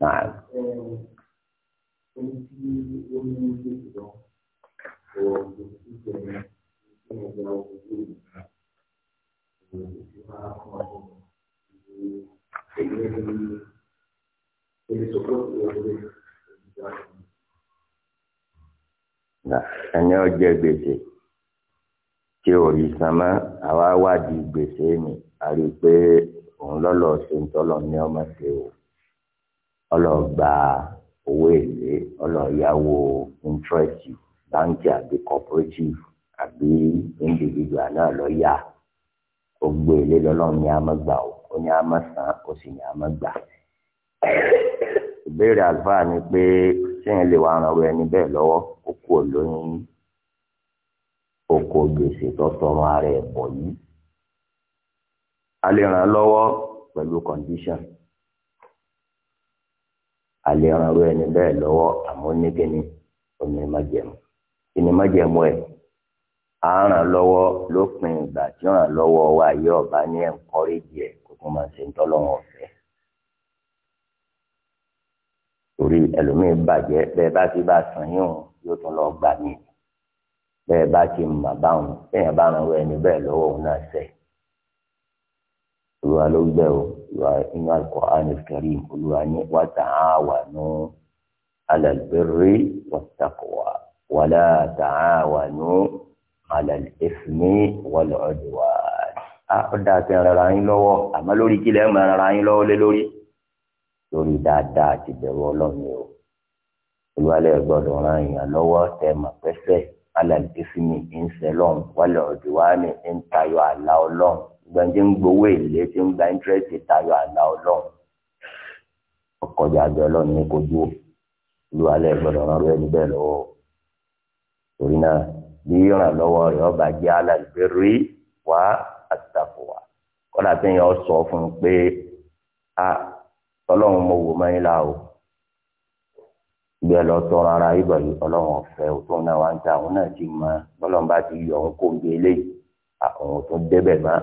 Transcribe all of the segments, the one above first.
nah, Naam. Ẹni ọjọ́ gbèsè tí ò rí san mọ́ àwa wádìí gbèsè mi a rí i pé òun lọ́lọ́ ṣe ń tọ́lọ̀ ní ọmọ ṣe o ọlọ́ọ̀gba owó èlé ọlọ́ọ̀yàwó interest báńkì àbí cooperative àbí individual náà lọ́ọ́yà gbogbo èlé lọ́lọ́run ni a máa gbà ó ó ní a máa san ó sì ní a máa gbà. ìbéèrè àlùfáà ni pé sẹ́yìn lè wá ran ọ̀rọ̀ ẹni bẹ́ẹ̀ lọ́wọ́ ó kú olóyún oko gbèsè tọ́tọ́rọ ara ẹ̀ pọ̀ yìí. a lè ràn án lọ́wọ́ pẹ̀lú condition alẹ́ ọ̀rọ̀ ẹni bẹ́ẹ̀ lọ́wọ́ àmọ́ nígbẹ́ni omi májẹ̀mú ìní májẹ̀mú ẹ̀ à ń ràn lọ́wọ́ lópin ìgbà tí ó ràn lọ́wọ́ wa yìí ọ̀bá ní ẹ̀ńkọ́rẹ́jì ẹ̀ kó tó máa ṣe ń tọ́lọ́wọ́ ọ̀fẹ́ torí ẹlòmíín bàjẹ́ bẹ́ẹ̀ bá ti bá sàn yín yóò tún lọ gbà mí bẹ́ẹ̀ bá ti mà báwọn bẹ́ẹ̀ bá ràn ẹni bẹ́ẹ̀ lọ́wọ́ òun náà sẹ́ẹ̀ olúwa ló gbẹ̀ o olúwa inú al-Qur'an al-Karim olúwa ní wa ta'awanu 'ala al-birri wat-taqwa wa la ta'awanu 'ala al-ithmi wal-'udwan. ó dáa kí n yín lọ́wọ́ àmọ́ lórí kí lẹ́yìn máa rara yín lọ́wọ́ lé lórí lórí dáadáa àti ìbẹ̀rù ọlọ́run o olúwa lẹ́yìn gbọ́dọ̀ ran èèyàn lọ́wọ́ tẹ̀ mọ̀ pẹ́sẹ̀ 'ala al-ithmi ń sẹ́lọ́n wal ń tayọ àlà ọlọ́run gbẹ̀ǹdé ń gbowó èlé tí ń gba íńtírẹ́sì tayọ àlà ọlọ́run ọkọjà àjọ ọlọ́run ní kojú olúwalẹ̀ gbọ́dọ̀ rán rẹ níbẹ̀ lọ́wọ́ torí náà bí ìrànlọ́wọ́ rẹ̀ ọba jẹ́ aláìbẹ̀rẹ̀ wá àtàkùn wa kọ́dà tí yẹn sọ fún un pé a ọlọ́run mo wò mọ́yìn la o ibi ẹ lọ tọrọ ara ibà yìí ọlọ́run ọ̀fẹ́ o tó ń náà wá ń ta òun náà ti mọ bọ́lọ́run ti yọ òun kó gbé àwọn tó débẹ̀ máa.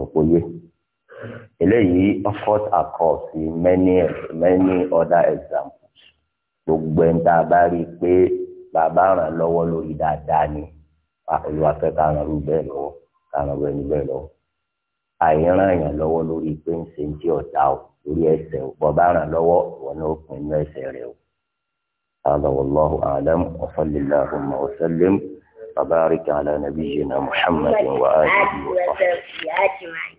òkòyè eléyìí cut across many many other examples gbogbo ẹ̀ ń tá a bá rí i pé bàbá ràn lọ́wọ́ lórí dáadáa ni olùwà ká ràn bẹ́ẹ̀ lọ́wọ́ ká ràn lórí ẹni bẹ́ẹ̀ lọ́wọ́ àìràn lọ́wọ́ lórí pé ń ṣe ń tí ọ̀tá o lórí ẹsẹ̀ o وبارك على نبينا محمد وآله وصحبه